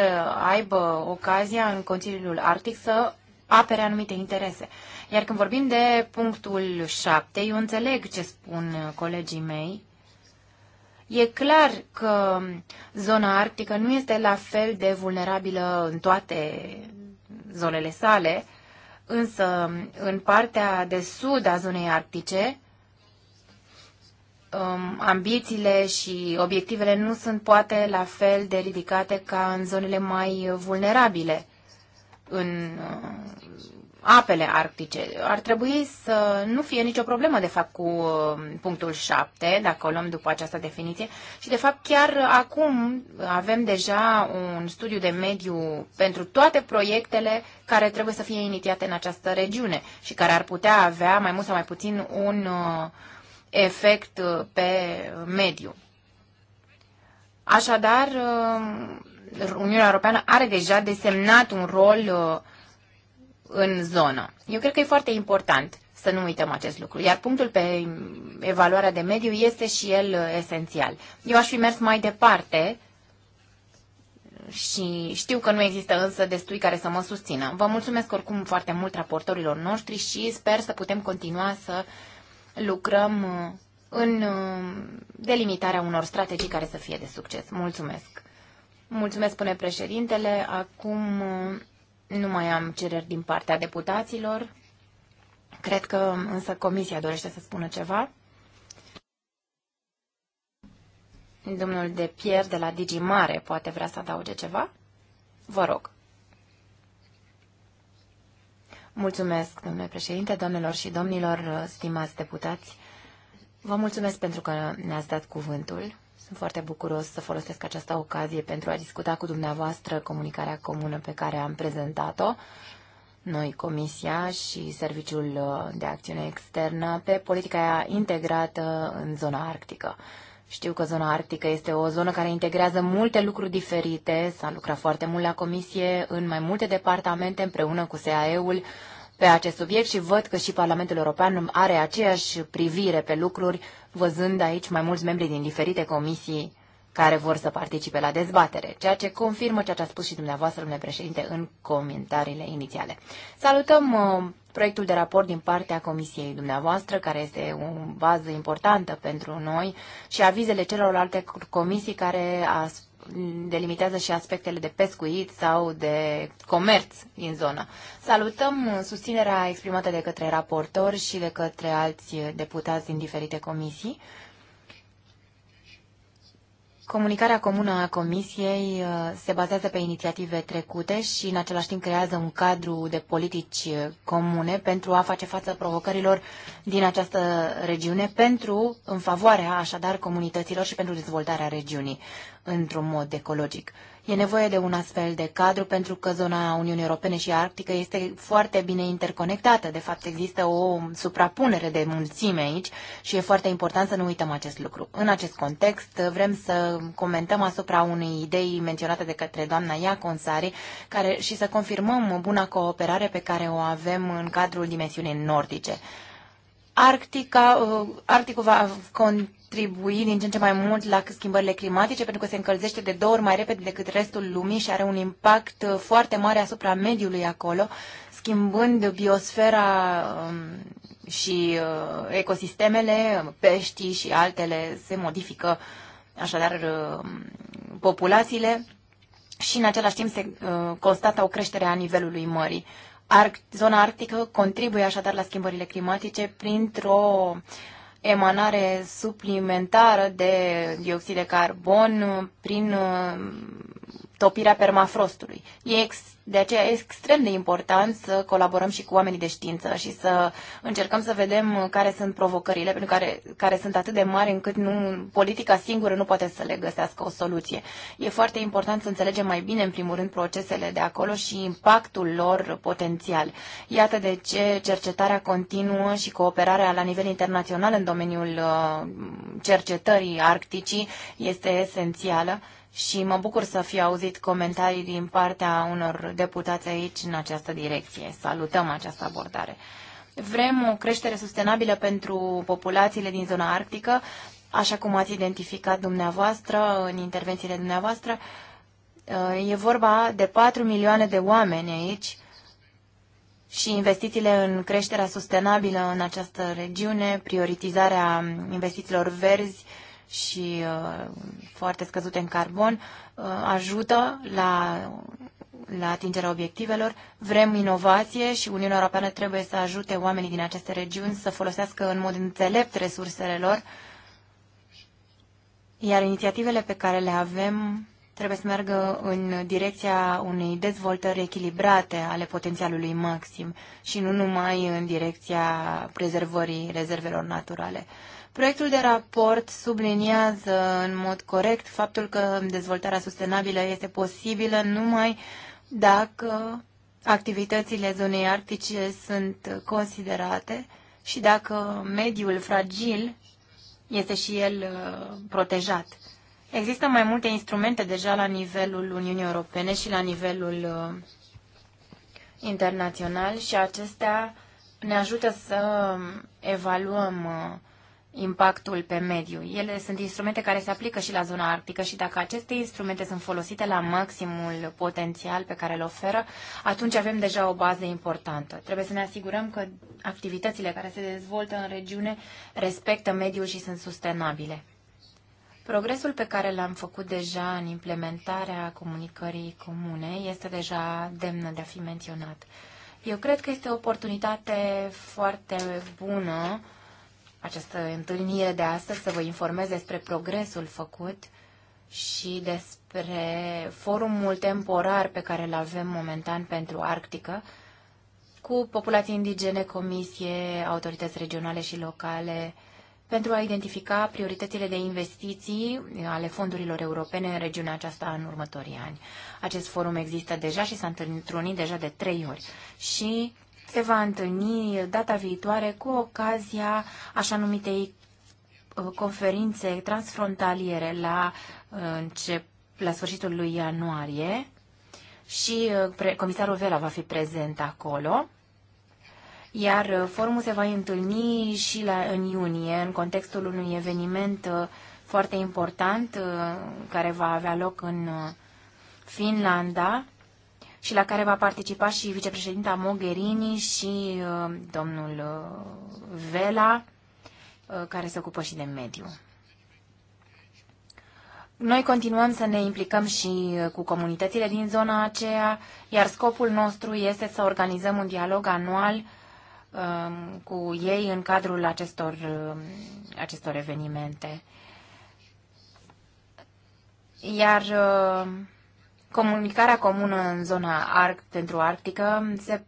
aibă ocazia în Consiliul Arctic să apere anumite interese. Iar când vorbim de punctul 7, eu înțeleg ce spun colegii mei E clar că zona arctică nu este la fel de vulnerabilă în toate zonele sale, însă în partea de sud a zonei arctice, um, ambițiile și obiectivele nu sunt poate la fel de ridicate ca în zonele mai vulnerabile în uh, apele arctice. Ar trebui să nu fie nicio problemă, de fapt, cu uh, punctul 7, dacă o luăm după această definiție. Și, de fapt, chiar acum avem deja un studiu de mediu pentru toate proiectele care trebuie să fie inițiate în această regiune și care ar putea avea, mai mult sau mai puțin, un uh, efect uh, pe mediu. Așadar, Uniunea Europeană are deja desemnat un rol uh, în zonă. Eu cred că e foarte important să nu uităm acest lucru. Iar punctul pe evaluarea de mediu este și el uh, esențial. Eu aș fi mers mai departe și știu că nu există însă destui care să mă susțină. Vă mulțumesc oricum foarte mult raportorilor noștri și sper să putem continua să lucrăm uh, în uh, delimitarea unor strategii care să fie de succes. Mulțumesc! Mulțumesc, spune președintele. Acum nu mai am cereri din partea deputaților. Cred că însă comisia dorește să spună ceva. Domnul de Pier de la Digimare poate vrea să adauge ceva? Vă rog. Mulțumesc, domnule președinte, domnilor și domnilor, stimați deputați. Vă mulțumesc pentru că ne-ați dat cuvântul. Sunt foarte bucuros să folosesc această ocazie pentru a discuta cu dumneavoastră comunicarea comună pe care am prezentat-o, noi, Comisia și Serviciul uh, de Acțiune Externă, pe politica integrată în zona arctică. Știu că zona arctică este o zonă care integrează multe lucruri diferite. S-a lucrat foarte mult la comisie în mai multe departamente împreună cu SAE-ul pe acest subiect și văd că și Parlamentul European are aceeași privire pe lucruri văzând aici mai mulți membri din diferite comisii care vor să participe la dezbatere, ceea ce confirmă ceea ce a spus și dumneavoastră, domnule președinte, în comentariile inițiale. Salutăm uh, proiectul de raport din partea comisiei dumneavoastră, care este o bază importantă pentru noi, și avizele celorlalte comisii care a delimitează și aspectele de pescuit sau de comerț din zonă. Salutăm susținerea exprimată de către raportori și de către alți deputați din diferite comisii. Comunicarea comună a Comisiei uh, se bazează pe inițiative trecute și în același timp creează un cadru de politici uh, comune pentru a face față provocărilor din această regiune, pentru în favoarea așadar comunităților și pentru dezvoltarea regiunii într-un mod ecologic. E nevoie de un astfel de cadru pentru că zona Uniunii Europene și Arctică este foarte bine interconectată. De fapt, există o suprapunere de mulțime aici și e foarte important să nu uităm acest lucru. În acest context, vrem să comentăm asupra unei idei menționate de către doamna Ia Consari care, și să confirmăm buna cooperare pe care o avem în cadrul dimensiunii nordice. Arctica, uh, Arcticul va contribui din ce în ce mai mult la schimbările climatice pentru că se încălzește de două ori mai repede decât restul lumii și are un impact uh, foarte mare asupra mediului acolo, schimbând biosfera um, și uh, ecosistemele, peștii și altele se modifică, așadar populațiile și în același timp se constată o creștere a nivelului mării. Arct- zona arctică contribuie așadar la schimbările climatice printr-o emanare suplimentară de dioxid de carbon prin topirea permafrostului. E de aceea e extrem de important să colaborăm și cu oamenii de știință și să încercăm să vedem care sunt provocările, pentru care, care sunt atât de mari încât nu, politica singură nu poate să le găsească o soluție. E foarte important să înțelegem mai bine, în primul rând, procesele de acolo și impactul lor potențial. Iată de ce cercetarea continuă și cooperarea la nivel internațional în domeniul uh, cercetării arcticii este esențială și mă bucur să fiu auzit comentarii din partea unor deputați aici în această direcție. Salutăm această abordare. Vrem o creștere sustenabilă pentru populațiile din zona arctică, așa cum ați identificat dumneavoastră în intervențiile dumneavoastră. E vorba de 4 milioane de oameni aici și investițiile în creșterea sustenabilă în această regiune, prioritizarea investițiilor verzi, și uh, foarte scăzute în carbon uh, ajută la, la atingerea obiectivelor. Vrem inovație și Uniunea Europeană trebuie să ajute oamenii din aceste regiuni să folosească în mod înțelept resursele lor, iar inițiativele pe care le avem trebuie să meargă în direcția unei dezvoltări echilibrate ale potențialului maxim și nu numai în direcția prezervării rezervelor naturale. Proiectul de raport subliniază în mod corect faptul că dezvoltarea sustenabilă este posibilă numai dacă activitățile zonei arctice sunt considerate și dacă mediul fragil este și el uh, protejat. Există mai multe instrumente deja la nivelul Uniunii Europene și la nivelul uh, internațional și acestea ne ajută să evaluăm uh, impactul pe mediu. Ele sunt instrumente care se aplică și la zona arctică și dacă aceste instrumente sunt folosite la maximul potențial pe care îl oferă, atunci avem deja o bază importantă. Trebuie să ne asigurăm că activitățile care se dezvoltă în regiune respectă mediul și sunt sustenabile. Progresul pe care l-am făcut deja în implementarea comunicării comune este deja demnă de a fi menționat. Eu cred că este o oportunitate foarte bună această întâlnire de astăzi să vă informez despre progresul făcut și despre forumul temporar pe care îl avem momentan pentru Arctică cu populații indigene, comisie, autorități regionale și locale, pentru a identifica prioritățile de investiții ale fondurilor europene în regiunea aceasta în următorii ani. Acest forum există deja și s-a întâlnit deja de trei ori și se va întâlni data viitoare cu ocazia așa numitei uh, conferințe transfrontaliere la, uh, încep, la sfârșitul lui ianuarie și uh, comisarul Vela va fi prezent acolo iar uh, forumul se va întâlni și la, în iunie, în contextul unui eveniment uh, foarte important uh, care va avea loc în Finlanda și la care va participa și vicepreședinta Mogherini și domnul Vela, care se ocupă și de mediu. Noi continuăm să ne implicăm și cu comunitățile din zona aceea, iar scopul nostru este să organizăm un dialog anual Um, cu ei în cadrul acestor, um, acestor evenimente. Iar um, comunicarea comună în zona arct, pentru Arctică se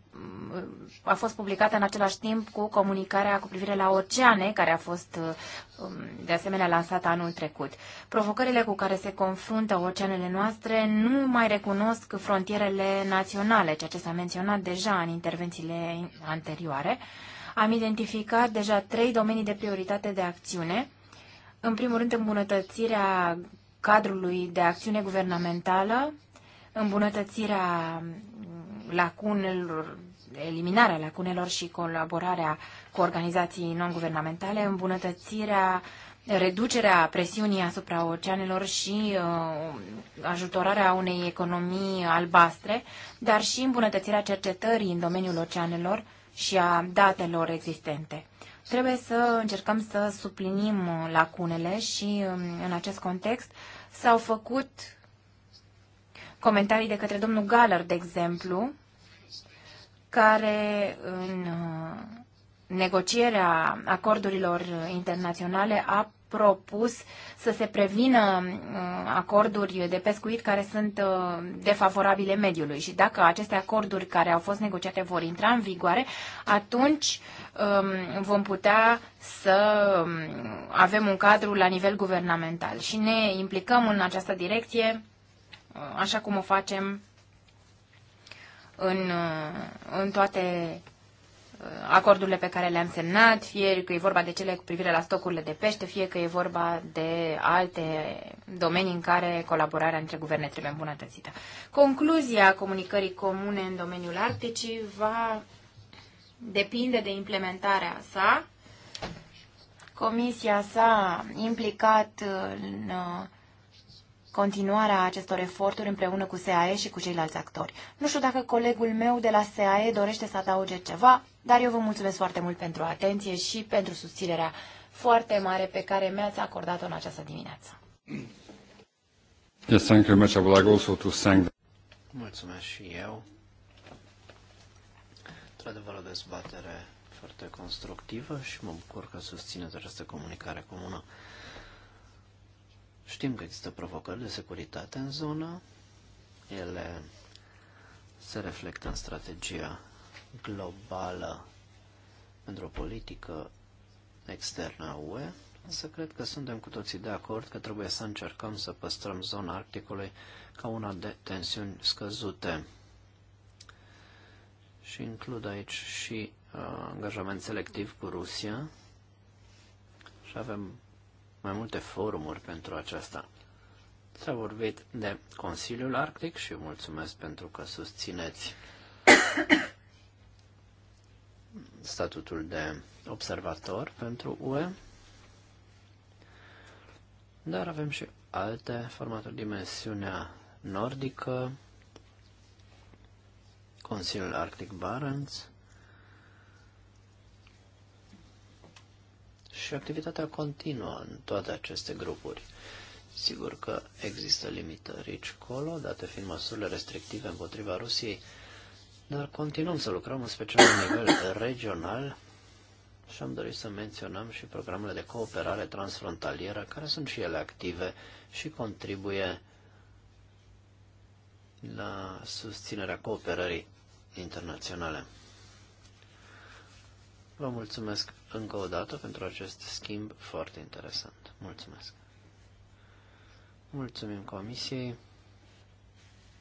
a fost publicată în același timp cu comunicarea cu privire la oceane, care a fost uh, um, de asemenea lansată anul trecut. Provocările cu care se confruntă oceanele noastre nu mai recunosc frontierele naționale, ceea ce s-a menționat deja în intervențiile anterioare. Am identificat deja trei domenii de prioritate de acțiune. În primul rând, îmbunătățirea cadrului de acțiune guvernamentală, îmbunătățirea mm, lacunelor eliminarea lacunelor și colaborarea cu organizații non-guvernamentale, îmbunătățirea reducerea presiunii asupra oceanelor și uh, ajutorarea unei economii albastre, dar și îmbunătățirea cercetării în domeniul oceanelor și a datelor existente. Trebuie să încercăm să suplinim lacunele și um, în acest context s-au făcut comentarii de către domnul Galler, de exemplu, care în uh, negocierea acordurilor internaționale a propus să se prevină uh, acorduri de pescuit care sunt uh, defavorabile mediului și dacă aceste acorduri care au fost negociate vor intra în vigoare, atunci um, vom putea să um, avem un cadru la nivel guvernamental și ne implicăm în această direcție așa cum o facem în, în toate uh, acordurile pe care le-am semnat, fie că e vorba de cele cu privire la stocurile de pește, fie că e vorba de alte domenii în care colaborarea între guverne trebuie îmbunătățită. Concluzia comunicării comune în domeniul Arcticii va depinde de implementarea sa. Comisia s-a implicat în uh, continuarea acestor eforturi împreună cu SAE și cu ceilalți actori. Nu știu dacă colegul meu de la SAE dorește să adauge ceva, dar eu vă mulțumesc foarte mult pentru atenție și pentru susținerea foarte mare pe care mi-ați acordat-o în această dimineață. Yes, thank you much. I would like also to thank Mulțumesc și eu. Într-adevăr, o dezbatere foarte constructivă și mă bucur că susțineți această comunicare comună. Știm că există provocări de securitate în zonă, ele se reflectă în strategia globală pentru o politică externă a UE, însă cred că suntem cu toții de acord că trebuie să încercăm să păstrăm zona Arcticului ca una de tensiuni scăzute. Și includ aici și uh, angajament selectiv cu Rusia și avem mai multe forumuri pentru aceasta. S-a vorbit de Consiliul Arctic și mulțumesc pentru că susțineți statutul de observator pentru UE, dar avem și alte formaturi, dimensiunea nordică, Consiliul Arctic Barents, și activitatea continuă în toate aceste grupuri. Sigur că există limitări aici colo, date fiind măsurile restrictive împotriva Rusiei, dar continuăm să lucrăm în special la nivel regional și am dorit să menționăm și programele de cooperare transfrontalieră, care sunt și ele active și contribuie la susținerea cooperării internaționale. Vă mulțumesc încă o dată pentru acest schimb foarte interesant. Mulțumesc. Mulțumim comisiei.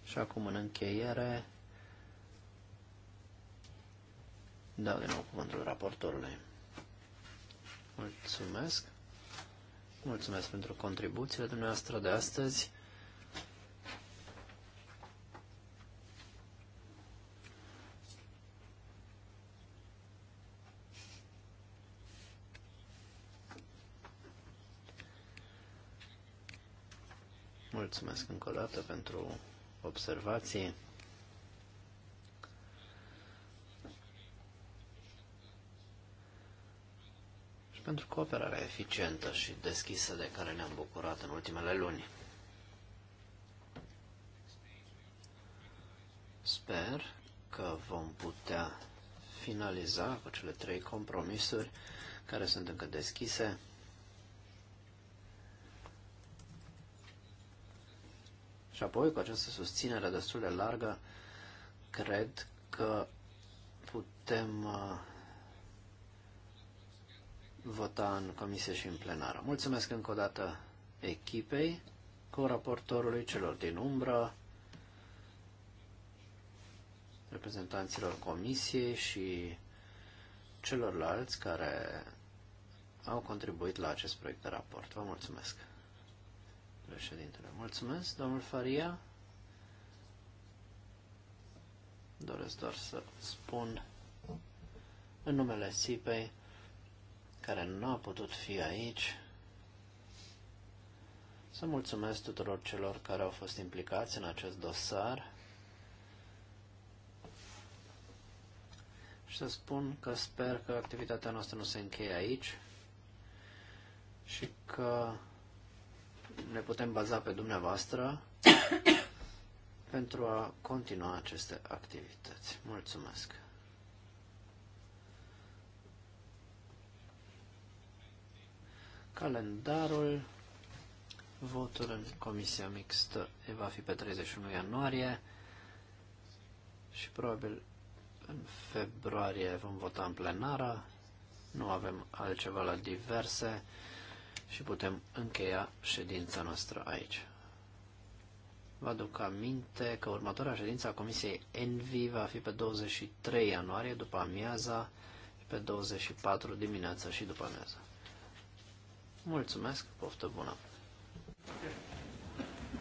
Și acum în încheiere dau din nou cuvântul raportorului. Mulțumesc. Mulțumesc pentru contribuțiile dumneavoastră de astăzi. Mulțumesc încă o dată pentru observații. Și pentru cooperarea eficientă și deschisă de care ne-am bucurat în ultimele luni. Sper că vom putea finaliza cu cele trei compromisuri care sunt încă deschise. Și apoi, cu această susținere destul de largă, cred că putem uh, vota în comisie și în plenară. Mulțumesc încă o dată echipei, cu raportorului celor din umbră, reprezentanților comisiei și celorlalți care au contribuit la acest proiect de raport. Vă mulțumesc! președintele. Mulțumesc, domnul Faria. Doresc doar să spun în numele Sipei, care nu a putut fi aici, să mulțumesc tuturor celor care au fost implicați în acest dosar și să spun că sper că activitatea noastră nu se încheie aici și că ne putem baza pe dumneavoastră pentru a continua aceste activități. Mulțumesc! Calendarul Votul în comisia mixtă va fi pe 31 ianuarie și probabil în februarie vom vota în plenară. Nu avem altceva la diverse și putem încheia ședința noastră aici. Vă aduc aminte că următoarea ședință a Comisiei Envi va fi pe 23 ianuarie după amiaza și pe 24 dimineața și după amiaza. Mulțumesc, poftă bună!